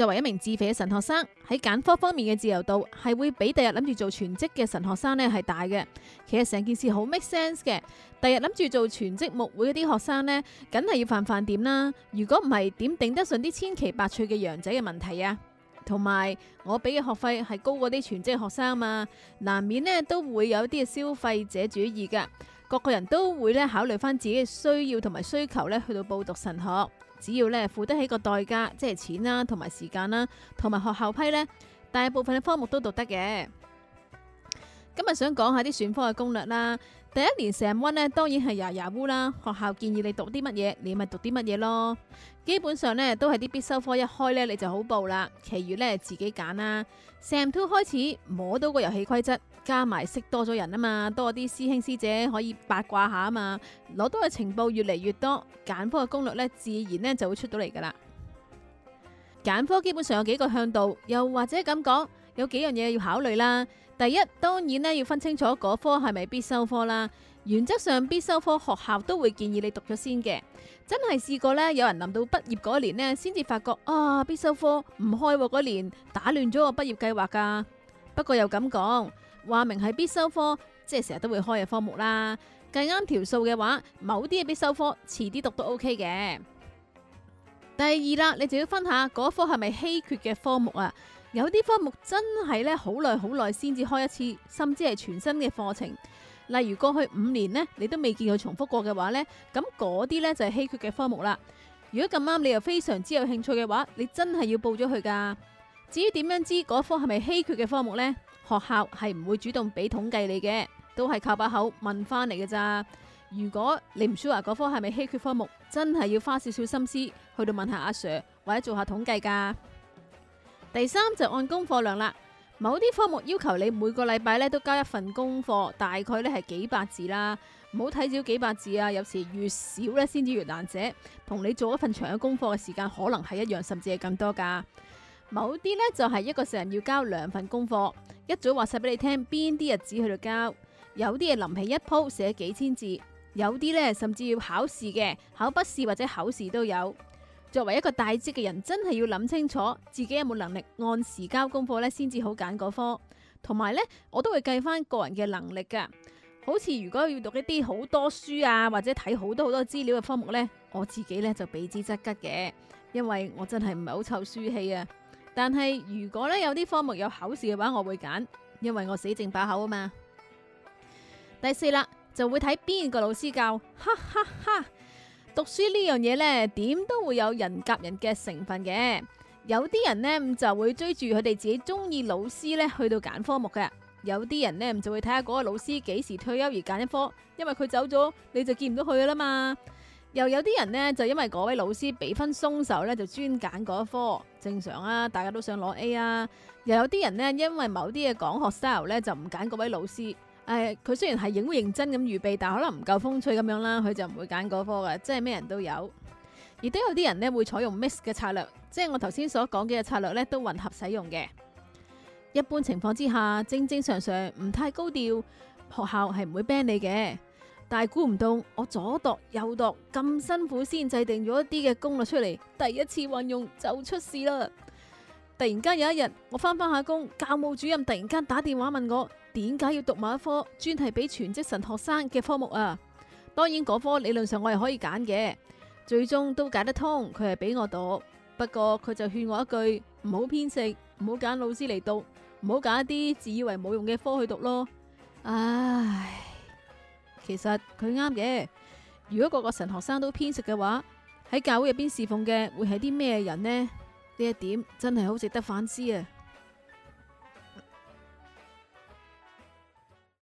作為一名自費嘅神學生，喺揀科方面嘅自由度係會比第日諗住做全職嘅神學生咧係大嘅，其實成件事好 make sense 嘅。第日諗住做全職牧會嗰啲學生呢，梗係要犯犯點啦。如果唔係，點頂得順啲千奇百趣嘅羊仔嘅問題啊？同埋，我俾嘅學費係高過啲全職嘅學生啊嘛，難免咧都會有啲消費者主義㗎。個個人都會咧考慮返自己嘅需要同埋需求咧，去到報讀神學。只要咧付得起個代價，即係錢啦，同埋時間啦，同埋學校批咧，大部分嘅科目都讀得嘅。今日想講下啲選科嘅攻略啦。第一年 Sam One 咧，當然係牙牙烏啦。學校建議你讀啲乜嘢，你咪讀啲乜嘢咯。基本上呢，都係啲必修科一開呢，你就好報啦。其餘呢，自己揀啦。Sam Two 開始摸到個遊戲規則，加埋識多咗人啊嘛，多啲師兄師姐可以八卦下啊嘛，攞到嘅情報越嚟越多，揀科嘅攻略呢，自然呢就會出到嚟噶啦。揀科基本上有幾個向度，又或者咁講，有幾樣嘢要考慮啦。第一，當然咧要分清楚嗰科係咪必修科啦。原則上必修科學校都會建議你讀咗先嘅。真係試過咧，有人臨到畢業嗰年咧，先至發覺啊，必修科唔開嗰年，打亂咗個畢業計劃噶。不過又咁講，話明係必修科，即係成日都會開嘅科目啦。計啱條數嘅話，某啲嘢必修科遲啲讀都 OK 嘅。第二啦，你就要分下嗰科係咪稀缺嘅科目啊。有啲科目真係咧好耐好耐先至開一次，甚至係全新嘅課程。例如過去五年咧，你都未見佢重複過嘅話呢，咁嗰啲呢就係稀缺嘅科目啦。如果咁啱你又非常之有興趣嘅話，你真係要報咗佢噶。至於點樣知嗰科係咪稀缺嘅科目呢？學校係唔會主動俾統計你嘅，都係靠把口問翻嚟嘅咋。如果你唔 sure 話嗰科係咪稀缺科目，真係要花少少心思去到問下阿 Sir 或者做下統計噶。第三就按功課量啦，某啲科目要求你每個禮拜咧都交一份功課，大概咧係幾百字啦。唔好睇少幾百字啊，有時越少咧先至越難寫。同你做一份長嘅功課嘅時間可能係一樣，甚至係咁多噶。某啲呢就係一個成人要交兩份功課，一早話晒俾你聽邊啲日子去到交。有啲係臨起一鋪寫幾千字，有啲呢甚至要考試嘅，考筆試或者考試都有。作為一個大職嘅人，真係要諗清楚自己有冇能力按時交功課呢，先至好揀嗰科。同埋呢，我都會計翻個人嘅能力噶。好似如果要讀一啲好多書啊，或者睇好多好多資料嘅科目呢，我自己呢就避之則吉嘅，因為我真係唔係好湊書氣啊。但係如果呢有啲科目有考試嘅話，我會揀，因為我死淨把口啊嘛。第四啦，就會睇邊個老師教，哈哈哈，哈。讀書呢樣嘢呢，點都會有人夾人嘅成分嘅。有啲人呢，就會追住佢哋自己中意老師呢去到揀科目嘅。有啲人呢，就會睇下嗰個老師幾時退休而揀一科，因為佢走咗你就見唔到佢噶啦嘛。又有啲人呢，就因為嗰位老師俾分鬆手呢，就專揀嗰一科，正常啊，大家都想攞 A 啊。又有啲人呢，因為某啲嘅講學 style 呢，就唔揀嗰位老師。誒，佢、哎、雖然係影認真咁預備，但可能唔夠風趣咁樣啦，佢就唔會揀嗰科嘅，即係咩人都有，亦都有啲人咧會採用 mix 嘅策略，即係我頭先所講嘅策略呢都混合使用嘅。一般情況之下，正正常常唔太高調，學校係唔會 ban 你嘅。但係估唔到，我左度右度咁辛苦先制定咗一啲嘅攻略出嚟，第一次運用就出事啦。突然間有一日，我翻返下工，教務主任突然間打電話問我點解要讀某一科，專係俾全職神學生嘅科目啊！當然嗰科理論上我係可以揀嘅，最終都解得通，佢係俾我讀。不過佢就勸我一句，唔好偏食，唔好揀老師嚟讀，唔好揀一啲自以為冇用嘅科去讀咯。唉，其實佢啱嘅。如果個個神學生都偏食嘅話，喺教會入邊侍奉嘅會係啲咩人呢？呢一點真係好值得反思啊！